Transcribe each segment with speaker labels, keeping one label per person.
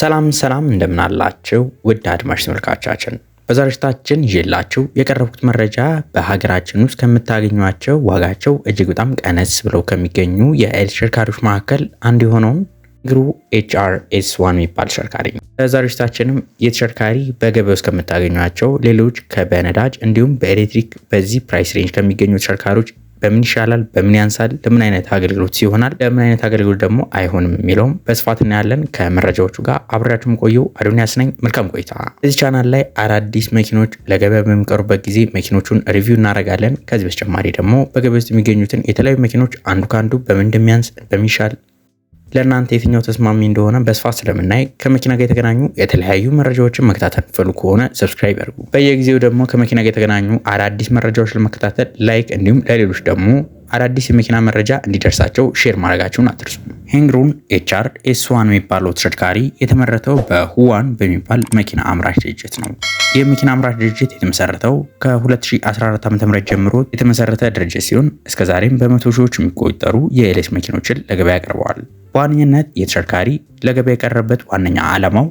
Speaker 1: ሰላም ሰላም እንደምናላችሁ ውድ አድማጭ ተመልካቻችን በዛሬታችን ይዤላችሁ የቀረብኩት መረጃ በሀገራችን ውስጥ ከምታገኟቸው ዋጋቸው እጅግ በጣም ቀነስ ብለው ከሚገኙ የኤል ተሽከርካሪዎች መካከል አንዱ የሆነውን ግሩ ኤችአር ኤስ ዋን የሚባል ተሽከርካሪ ነው። በዛሬዎቻችንም የተሽከርካሪ በገበያ ውስጥ ከምታገኟቸው ሌሎች ከበነዳጅ እንዲሁም በኤሌክትሪክ በዚህ ፕራይስ ሬንጅ ከሚገኙ ተሽከርካሪዎች በምን ይሻላል፣ በምን ያንሳል፣ ለምን አይነት አገልግሎት ይሆናል፣ ለምን አይነት አገልግሎት ደግሞ አይሆንም የሚለውም በስፋት እናያለን። ከመረጃዎቹ ጋር አብሬያችሁም ቆዩ። አዶኒያስ ነኝ። መልካም ቆይታ። እዚህ ቻናል ላይ አዳዲስ መኪኖች ለገበያ በሚቀሩበት ጊዜ መኪኖቹን ሪቪው እናደርጋለን። ከዚህ በተጨማሪ ደግሞ በገበያ ውስጥ የሚገኙትን የተለያዩ መኪኖች አንዱ ከአንዱ በምን እንደሚያንስ በሚሻል ለእናንተ የትኛው ተስማሚ እንደሆነ በስፋት ስለምናይ ከመኪና ጋር የተገናኙ የተለያዩ መረጃዎችን መከታተል ፈሉ ከሆነ ሰብስክራይብ ያድርጉ። በየጊዜው ደግሞ ከመኪና ጋር የተገናኙ አዳዲስ መረጃዎች ለመከታተል ላይክ፣ እንዲሁም ለሌሎች ደግሞ አዳዲስ የመኪና መረጃ እንዲደርሳቸው ሼር ማድረጋቸውን አትርሱ። ሄንግሩን ኤችአር ኤስዋን የሚባለው ተሽከርካሪ የተመረተው በሁዋን በሚባል መኪና አምራች ድርጅት ነው። የመኪና አምራች ድርጅት የተመሰረተው ከ2014 ዓ.ም ጀምሮ የተመሰረተ ድርጅት ሲሆን እስከ ዛሬም በመቶ ሺዎች የሚቆጠሩ የኤሌክትሪክ መኪኖችን ለገበያ ያቀርበዋል። በዋነኝነት የተሽከርካሪ ለገበያ የቀረበበት ዋነኛ ዓላማው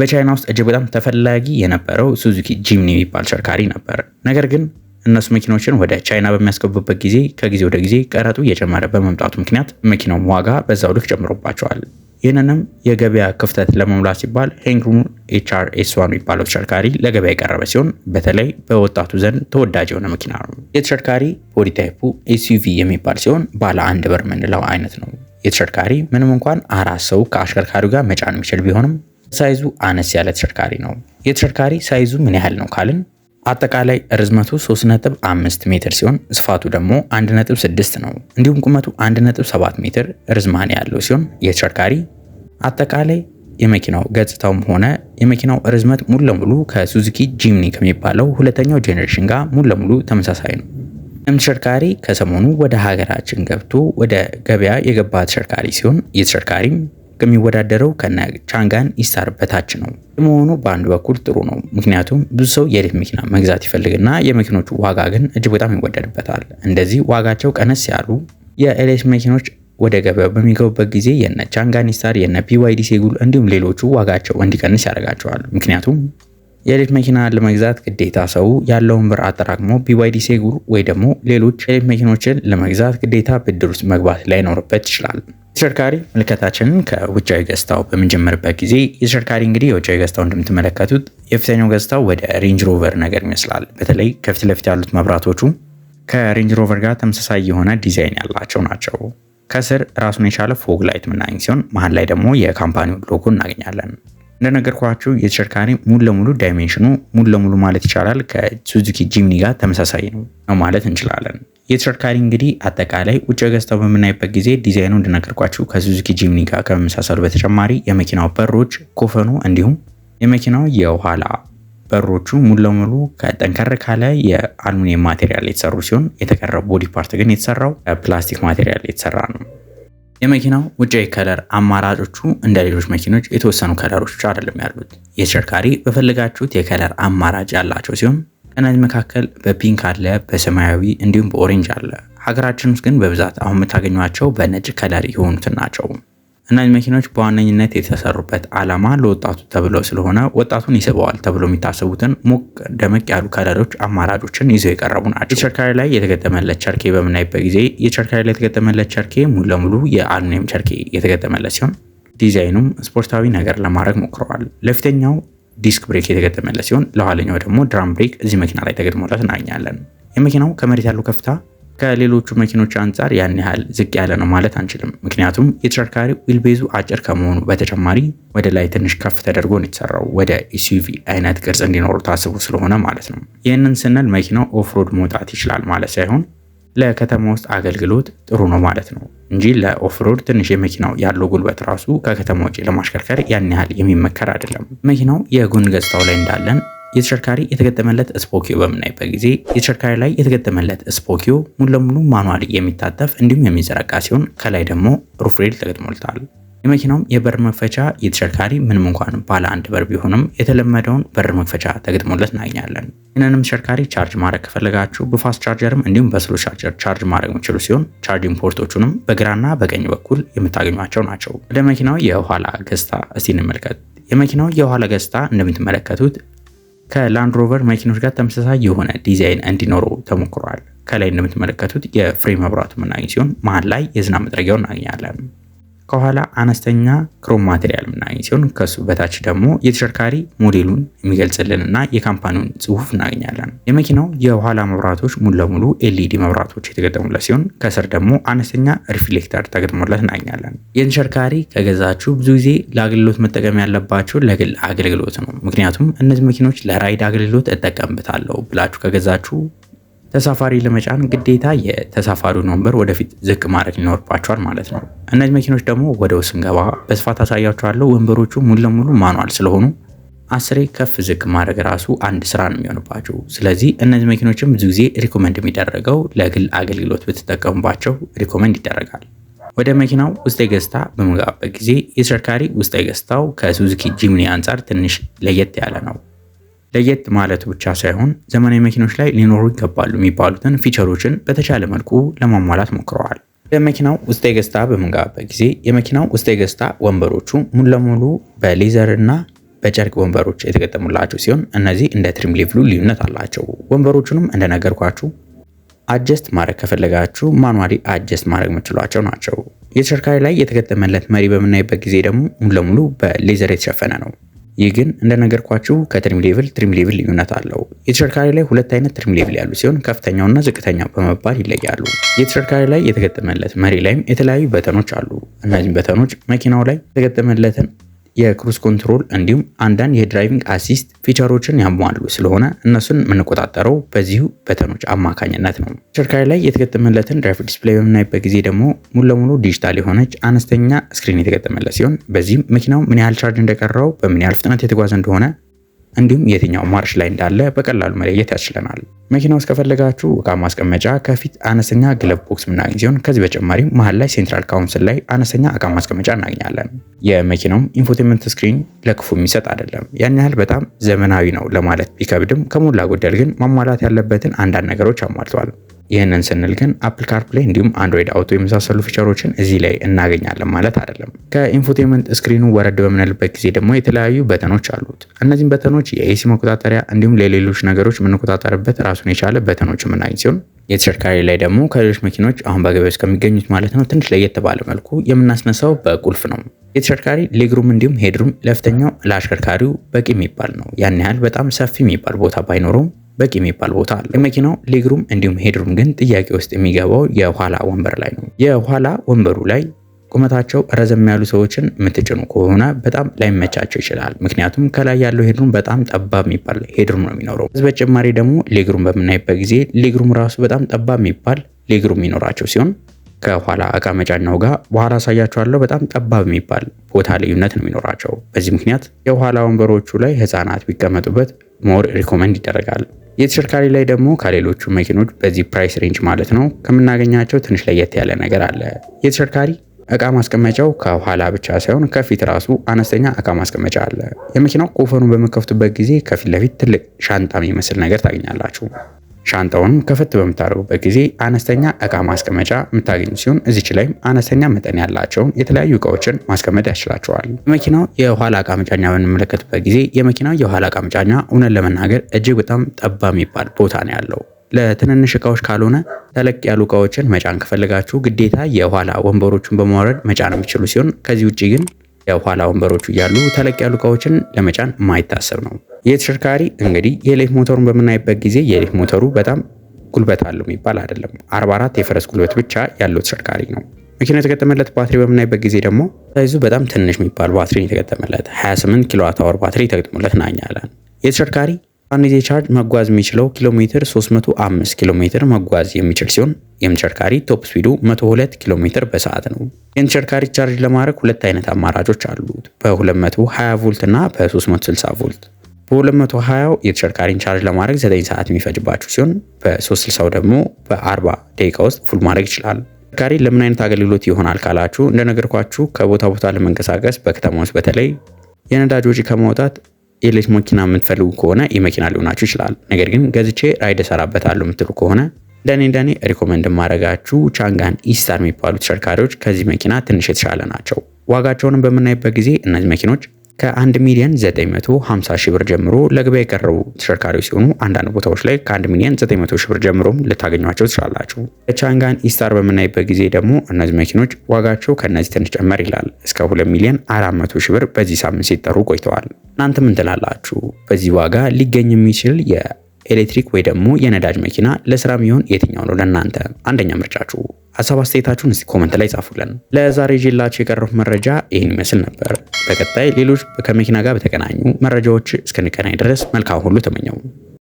Speaker 1: በቻይና ውስጥ እጅግ በጣም ተፈላጊ የነበረው ሱዙኪ ጂምኒ የሚባል ተሽከርካሪ ነበር። ነገር ግን እነሱ መኪናዎችን ወደ ቻይና በሚያስገቡበት ጊዜ ከጊዜ ወደ ጊዜ ቀረጡ እየጨመረ በመምጣቱ ምክንያት መኪናውም ዋጋ በዛው ልክ ጨምሮባቸዋል። ይህንንም የገበያ ክፍተት ለመሙላት ሲባል ሄንግሩን ኤችአር ኤስ ዋን የሚባለው ተሽከርካሪ ለገበያ የቀረበ ሲሆን በተለይ በወጣቱ ዘንድ ተወዳጅ የሆነ መኪና ነው። የተሽከርካሪ ቦዲ ታይፑ ኤስዩቪ የሚባል ሲሆን ባለ አንድ በር የምንለው አይነት ነው። የተሽከርካሪ ምንም እንኳን አራት ሰው ከአሽከርካሪው ጋር መጫን የሚችል ቢሆንም ሳይዙ አነስ ያለ ተሽከርካሪ ነው። የተሽከርካሪ ሳይዙ ምን ያህል ነው ካልን አጠቃላይ ርዝመቱ 3.5 ሜትር ሲሆን ስፋቱ ደግሞ 1.6 ነው። እንዲሁም ቁመቱ 1.7 ሜትር ርዝማኔ ያለው ሲሆን የተሽከርካሪ አጠቃላይ የመኪናው ገጽታውም ሆነ የመኪናው ርዝመት ሙሉ ለሙሉ ከሱዙኪ ጂምኒ ከሚባለው ሁለተኛው ጄኔሬሽን ጋር ሙሉ ለሙሉ ተመሳሳይ ነው። ይህም ተሽከርካሪ ከሰሞኑ ወደ ሀገራችን ገብቶ ወደ ገበያ የገባ ተሽከርካሪ ሲሆን የተሽከርካሪም ከሚወዳደረው ከነ ቻንጋን ኢሳር በታች ነው። መሆኑ በአንድ በኩል ጥሩ ነው፣ ምክንያቱም ብዙ ሰው የኤሌክትሪክ መኪና መግዛት ይፈልግና የመኪኖቹ ዋጋ ግን እጅግ በጣም ይወደድበታል። እንደዚህ ዋጋቸው ቀነስ ያሉ የኤሌክትሪክ መኪኖች ወደ ገበያው በሚገቡበት ጊዜ የነ ቻንጋን ኢስታር፣ የነ ቢዋይዲ ሴጉል እንዲሁም ሌሎቹ ዋጋቸው እንዲቀንስ ያደርጋቸዋል። ምክንያቱም የኤሌክትሪክ መኪና ለመግዛት ግዴታ ሰው ያለውን ብር አጠራቅሞ ቢዋይዲ ሴጉል ወይ ደግሞ ሌሎች ኤሌክትሪክ መኪኖችን ለመግዛት ግዴታ ብድር ውስጥ መግባት ላይኖርበት ይችላል። የተሽከርካሪ ምልከታችንን ከውጫዊ ገጽታው በምንጀምርበት ጊዜ የተሽከርካሪ እንግዲህ የውጫዊ ገጽታው እንደምትመለከቱት የፊተኛው ገጽታው ወደ ሬንጅ ሮቨር ነገር ይመስላል። በተለይ ከፊት ለፊት ያሉት መብራቶቹ ከሬንጅ ሮቨር ጋር ተመሳሳይ የሆነ ዲዛይን ያላቸው ናቸው። ከስር ራሱን የቻለ ፎግ ላይት ምናገኝ ሲሆን መሀል ላይ ደግሞ የካምፓኒው ሎጎ እናገኛለን። እንደነገርኳችሁ የተሽከርካሪ ሙሉ ለሙሉ ዳይሜንሽኑ ሙሉ ለሙሉ ማለት ይቻላል ከሱዙኪ ጂምኒ ጋር ተመሳሳይ ነው ማለት እንችላለን። የተሽከርካሪ እንግዲህ አጠቃላይ ውጭ ገዝተው በምናይበት ጊዜ ዲዛይኑ እንደነገርኳችሁ ከሱዙኪ ጂምኒ ጋር ከመመሳሰሉ በተጨማሪ የመኪናው በሮች፣ ኮፈኑ እንዲሁም የመኪናው የኋላ በሮቹ ሙሉ ለሙሉ ከጠንከር ካለ የአሉሚኒየም ማቴሪያል የተሰሩ ሲሆን የተቀረው ቦዲ ፓርት ግን የተሰራው ከፕላስቲክ ማቴሪያል የተሰራ ነው። የመኪናው ውጫዊ ከለር አማራጮቹ እንደ ሌሎች መኪኖች የተወሰኑ ከለሮች አይደለም ያሉት። የተሽከርካሪ በፈለጋችሁት የከለር አማራጭ ያላቸው ሲሆን ከእነዚህ መካከል በፒንክ አለ፣ በሰማያዊ እንዲሁም በኦሬንጅ አለ። ሀገራችን ውስጥ ግን በብዛት አሁን የምታገኟቸው በነጭ ከለር የሆኑትን ናቸው። እነዚህ መኪኖች በዋነኝነት የተሰሩበት ዓላማ ለወጣቱ ተብለው ስለሆነ ወጣቱን ይስበዋል ተብሎ የሚታሰቡትን ሞቅ ደመቅ ያሉ ከለሮች አማራጮችን ይዘው የቀረቡ ናቸው። የቸርካሪ ላይ የተገጠመለት ቸርኬ በምናይበት ጊዜ የቸርካሪ ላይ የተገጠመለት ቸርኬ ሙሉ ለሙሉ የአልሙኒየም ቸርኬ የተገጠመለት ሲሆን ዲዛይኑም ስፖርታዊ ነገር ለማድረግ ሞክረዋል። ለፊተኛው ዲስክ ብሬክ የተገጠመለት ሲሆን ለኋለኛው ደግሞ ድራም ብሬክ እዚህ መኪና ላይ ተገጥሞለት እናገኛለን። የመኪናው ከመሬት ያለው ከፍታ ከሌሎቹ መኪኖች አንጻር ያን ያህል ዝቅ ያለ ነው ማለት አንችልም። ምክንያቱም የተሽከርካሪው ዊልቤዙ አጭር ከመሆኑ በተጨማሪ ወደ ላይ ትንሽ ከፍ ተደርጎ ነው የተሰራው ወደ ኤስዩቪ አይነት ቅርጽ እንዲኖሩ ታስቦ ስለሆነ ማለት ነው። ይህንን ስንል መኪናው ኦፍሮድ መውጣት ይችላል ማለት ሳይሆን ለከተማ ውስጥ አገልግሎት ጥሩ ነው ማለት ነው እንጂ ለኦፍሮድ ትንሽ የመኪናው ያለው ጉልበት ራሱ ከከተማ ውጭ ለማሽከርከር ያን ያህል የሚመከር አይደለም። መኪናው የጎን ገጽታው ላይ እንዳለን የተሽከርካሪ የተገጠመለት ስፖኪዮ በምናይበት ጊዜ የተሽከርካሪ ላይ የተገጠመለት ስፖኪዮ ሙሉ ለሙሉ ማኑዋል የሚታጠፍ እንዲሁም የሚዘረጋ ሲሆን ከላይ ደግሞ ሩፍሬል ተገጥሞልታል። የመኪናውም የበር መክፈቻ የተሽከርካሪ ምንም እንኳን ባለ አንድ በር ቢሆንም የተለመደውን በር መክፈቻ ተገጥሞለት እናገኛለን። ይህንንም ተሽከርካሪ ቻርጅ ማድረግ ከፈለጋችሁ በፋስት ቻርጀርም እንዲሁም በስሎ ቻርጀር ቻርጅ ማድረግ የምችሉ ሲሆን ቻርጅንግ ፖርቶቹንም በግራና በቀኝ በኩል የምታገኟቸው ናቸው። ወደ መኪናው የኋላ ገጽታ እስቲ እንመልከት። የመኪናው የኋላ ገጽታ እንደምትመለከቱት ከላንድሮቨር መኪኖች ጋር ተመሳሳይ የሆነ ዲዛይን እንዲኖረው ተሞክሯል። ከላይ እንደምትመለከቱት የፍሬ መብራቱ የምናገኝ ሲሆን መሀል ላይ የዝናብ መጥረጊያው እናገኛለን። ከኋላ አነስተኛ ክሮም ማቴሪያል የምናገኝ ሲሆን ከሱ በታች ደግሞ የተሽከርካሪ ሞዴሉን የሚገልጽልን እና የካምፓኒውን ጽሁፍ እናገኛለን። የመኪናው የኋላ መብራቶች ሙሉ ለሙሉ ኤልኢዲ መብራቶች የተገጠሙለት ሲሆን ከስር ደግሞ አነስተኛ ሪፍሌክተር ተገጥሞለት እናገኛለን። የተሽከርካሪ ከገዛችሁ ብዙ ጊዜ ለአገልግሎት መጠቀም ያለባችሁ ለግል አገልግሎት ነው። ምክንያቱም እነዚህ መኪኖች ለራይድ አገልግሎት እጠቀምበታለሁ ብላችሁ ከገዛችሁ ተሳፋሪ ለመጫን ግዴታ የተሳፋሪውን ወንበር ወደፊት ዝቅ ማድረግ ይኖርባቸዋል ማለት ነው። እነዚህ መኪኖች ደግሞ ወደ ውስጥ ስንገባ በስፋት አሳያቸዋለሁ። ወንበሮቹ ሙሉ ለሙሉ ማኗል ስለሆኑ አስሬ ከፍ ዝቅ ማድረግ ራሱ አንድ ስራ ነው የሚሆንባቸው። ስለዚህ እነዚህ መኪኖችም ብዙ ጊዜ ሪኮመንድ የሚደረገው ለግል አገልግሎት ብትጠቀሙባቸው ሪኮመንድ ይደረጋል። ወደ መኪናው ውስጣዊ ገጽታ በመግባበት ጊዜ የተሽከርካሪ ውስጣዊ ገጽታው ከሱዙኪ ጂምኒ አንጻር ትንሽ ለየት ያለ ነው። ለየት ማለቱ ብቻ ሳይሆን ዘመናዊ መኪኖች ላይ ሊኖሩ ይገባሉ የሚባሉትን ፊቸሮችን በተቻለ መልኩ ለማሟላት ሞክረዋል። የመኪናው ውስጠ ገጽታ በምንገባበት ጊዜ የመኪናው ውስጠ ገጽታ ወንበሮቹ ሙሉ ለሙሉ በሌዘር እና በጨርቅ ወንበሮች የተገጠሙላቸው ሲሆን እነዚህ እንደ ትሪም ሌቭሉ ልዩነት አላቸው። ወንበሮቹንም እንደነገርኳችሁ አጀስት ማድረግ ከፈለጋችሁ ማኗሪ አጀስት ማድረግ የምችሏቸው ናቸው። የተሽከርካሪ ላይ የተገጠመለት መሪ በምናይበት ጊዜ ደግሞ ሙሉ ለሙሉ በሌዘር የተሸፈነ ነው። ይህ ግን እንደነገርኳችሁ ከትሪም ሌቭል ትሪም ሌቭል ልዩነት አለው። የተሽከርካሪ ላይ ሁለት አይነት ትሪም ሌቭል ያሉ ሲሆን ከፍተኛውና ዝቅተኛው በመባል ይለያሉ። የተሽከርካሪ ላይ የተገጠመለት መሪ ላይም የተለያዩ በተኖች አሉ። እነዚህም በተኖች መኪናው ላይ የተገጠመለትን የክሩዝ ኮንትሮል እንዲሁም አንዳንድ የድራይቪንግ አሲስት ፊቸሮችን ያሟሉ ስለሆነ እነሱን የምንቆጣጠረው በዚሁ በተኖች አማካኝነት ነው። ተሽከርካሪ ላይ የተገጠመለትን ድራይቭ ዲስፕሌይ በምናይበት ጊዜ ደግሞ ሙሉ ለሙሉ ዲጂታል የሆነች አነስተኛ ስክሪን የተገጠመለት ሲሆን በዚህም መኪናው ምን ያህል ቻርጅ እንደቀረው፣ በምን ያህል ፍጥነት የተጓዘ እንደሆነ እንዲሁም የትኛው ማርሽ ላይ እንዳለ በቀላሉ መለየት ያስችለናል። መኪና ውስጥ ከፈለጋችሁ እቃ ማስቀመጫ ከፊት አነስተኛ ግለብ ቦክስ ምናገኝ ሲሆን ከዚህ በተጨማሪ መሀል ላይ ሴንትራል ካውንስል ላይ አነስተኛ እቃ ማስቀመጫ እናገኛለን። የመኪናውም ኢንፎቴመንት ስክሪን ለክፉ የሚሰጥ አይደለም። ያን ያህል በጣም ዘመናዊ ነው ለማለት ቢከብድም ከሞላ ጎደል ግን ማሟላት ያለበትን አንዳንድ ነገሮች አሟልተዋል። ይህንን ስንል ግን አፕል ካርፕሌይ እንዲሁም አንድሮይድ አውቶ የመሳሰሉ ፊቸሮችን እዚህ ላይ እናገኛለን ማለት አይደለም። ከኢንፎቴመንት ስክሪኑ ወረድ በምንልበት ጊዜ ደግሞ የተለያዩ በተኖች አሉት። እነዚህም በተኖች የኤሲ መቆጣጠሪያ እንዲሁም ለሌሎች ነገሮች የምንቆጣጠርበት ራሱን የቻለ በተኖች የምናገኝ ሲሆን የተሽከርካሪ ላይ ደግሞ ከሌሎች መኪኖች አሁን በገበያ ውስጥ ከሚገኙት ማለት ነው ትንሽ ለየት ባለ መልኩ የምናስነሳው በቁልፍ ነው። የተሽከርካሪ ሌግሩም እንዲሁም ሄድሩም ለፍተኛው ለአሽከርካሪው በቂ የሚባል ነው። ያን ያህል በጣም ሰፊ የሚባል ቦታ ባይኖረውም በቂ የሚባል ቦታ አለ። የመኪናው ሌግሩም እንዲሁም ሄድሩም ግን ጥያቄ ውስጥ የሚገባው የኋላ ወንበር ላይ ነው። የኋላ ወንበሩ ላይ ቁመታቸው ረዘም ያሉ ሰዎችን የምትጭኑ ከሆነ በጣም ላይመቻቸው ይችላል። ምክንያቱም ከላይ ያለው ሄድሩም በጣም ጠባብ የሚባል ሄድሩም ነው የሚኖረው። ከዚህ በተጨማሪ ደግሞ ሌግሩም በምናይበት ጊዜ ሌግሩም ራሱ በጣም ጠባብ የሚባል ሌግሩም የሚኖራቸው ሲሆን ከኋላ እቃ መጫኛው ጋር በኋላ አሳያቸዋለሁ። በጣም ጠባብ የሚባል ቦታ ልዩነት ነው የሚኖራቸው። በዚህ ምክንያት የኋላ ወንበሮቹ ላይ ህፃናት ቢቀመጡበት ሞር ሪኮመንድ ይደረጋል። የተሽከርካሪ ላይ ደግሞ ከሌሎቹ መኪኖች በዚህ ፕራይስ ሬንጅ ማለት ነው ከምናገኛቸው ትንሽ ለየት ያለ ነገር አለ። የተሽከርካሪ እቃ ማስቀመጫው ከኋላ ብቻ ሳይሆን ከፊት ራሱ አነስተኛ እቃ ማስቀመጫ አለ። የመኪናው ኮፈኑ በመከፍቱበት ጊዜ ከፊት ለፊት ትልቅ ሻንጣ የሚመስል ነገር ታገኛላችሁ። ሻንጣውን ከፍት በምታደርጉበት ጊዜ አነስተኛ እቃ ማስቀመጫ የምታገኙ ሲሆን እዚች ላይም አነስተኛ መጠን ያላቸውን የተለያዩ እቃዎችን ማስቀመጥ ያስችላቸዋል። መኪናው የኋላ እቃ መጫኛ በምንመለከትበት ጊዜ የመኪናው የኋላ እቃ መጫኛ እውነት ለመናገር እጅግ በጣም ጠባ የሚባል ቦታ ነው ያለው። ለትንንሽ እቃዎች ካልሆነ ተለቅ ያሉ እቃዎችን መጫን ከፈለጋችሁ ግዴታ የኋላ ወንበሮቹን በማውረድ መጫን የሚችሉ ሲሆን ከዚህ ውጭ ግን የኋላ ወንበሮቹ እያሉ ተለቅ ያሉ እቃዎችን ለመጫን የማይታሰብ ነው። የተሽከርካሪ እንግዲህ የሌፍ ሞተሩን በምናይበት ጊዜ የሌፍ ሞተሩ በጣም ጉልበት አለው የሚባል አይደለም። 44 የፈረስ ጉልበት ብቻ ያለው ተሽከርካሪ ነው። መኪና የተገጠመለት ባትሪ በምናይበት ጊዜ ደግሞ ሳይዙ በጣም ትንሽ የሚባል ባትሪ የተገጠመለት 28 ኪሎዋት አወር ባትሪ የተገጠመለት ናኛ የተሽከርካሪ አንድ ጊዜ ቻርጅ መጓዝ የሚችለው ኪሎ ሜትር 305 ኪሎ ሜትር መጓዝ የሚችል ሲሆን የምተሽከርካሪ ቶፕ ስፒዱ 102 ኪሎ ሜትር በሰዓት ነው። የምተሽከርካሪ ቻርጅ ለማድረግ ሁለት አይነት አማራጮች አሉት፣ በ220 ቮልት እና በ360 ቮልት በ220 የተሽከርካሪን ቻርጅ ለማድረግ 9 ሰዓት የሚፈጅባችሁ ሲሆን በ360 ደግሞ በ40 ደቂቃ ውስጥ ፉል ማድረግ ይችላል። ተሽከርካሪ ለምን አይነት አገልግሎት ይሆናል ካላችሁ እንደነገርኳችሁ ከቦታ ቦታ ለመንቀሳቀስ በከተማ ውስጥ በተለይ የነዳጅ ወጪ ከማውጣት የኤሌክትሪክ መኪና የምትፈልጉ ከሆነ የመኪና ሊሆናችሁ ይችላል። ነገር ግን ገዝቼ ራይድ እሰራበታለሁ የምትሉ ከሆነ እንደኔ እንደኔ ሪኮመንድ ማድረጋችሁ ቻንጋን ኢስታር የሚባሉ ተሽከርካሪዎች ከዚህ መኪና ትንሽ የተሻለ ናቸው። ዋጋቸውንም በምናይበት ጊዜ እነዚህ መኪኖች ከ1 ሚሊዮን 950 ሺህ ብር ጀምሮ ለገበያ የቀረቡ ተሽከርካሪዎች ሲሆኑ አንዳንድ ቦታዎች ላይ ከ1 ሚሊዮን 900 ሺህ ብር ጀምሮም ልታገኟቸው ትችላላችሁ። የቻንጋን ኢስታር በምናይበት ጊዜ ደግሞ እነዚህ መኪኖች ዋጋቸው ከእነዚህ ትንሽ ጨመር ይላል። እስከ 2 ሚሊዮን 400 ሺህ ብር በዚህ ሳምንት ሲጠሩ ቆይተዋል። እናንተ ምን ትላላችሁ? በዚህ ዋጋ ሊገኝ የሚችል የ ኤሌክትሪክ ወይ ደግሞ የነዳጅ መኪና ለስራ የሚሆን የትኛው ነው ለእናንተ አንደኛ ምርጫችሁ? ሀሳብ አስተያየታችሁን እስቲ ኮመንት ላይ ጻፉልን። ለዛሬ ጅላችሁ የቀረፉ መረጃ ይህን ይመስል ነበር። በቀጣይ ሌሎች ከመኪና ጋር በተገናኙ መረጃዎች እስክንገናኝ ድረስ መልካም ሁሉ ተመኘው።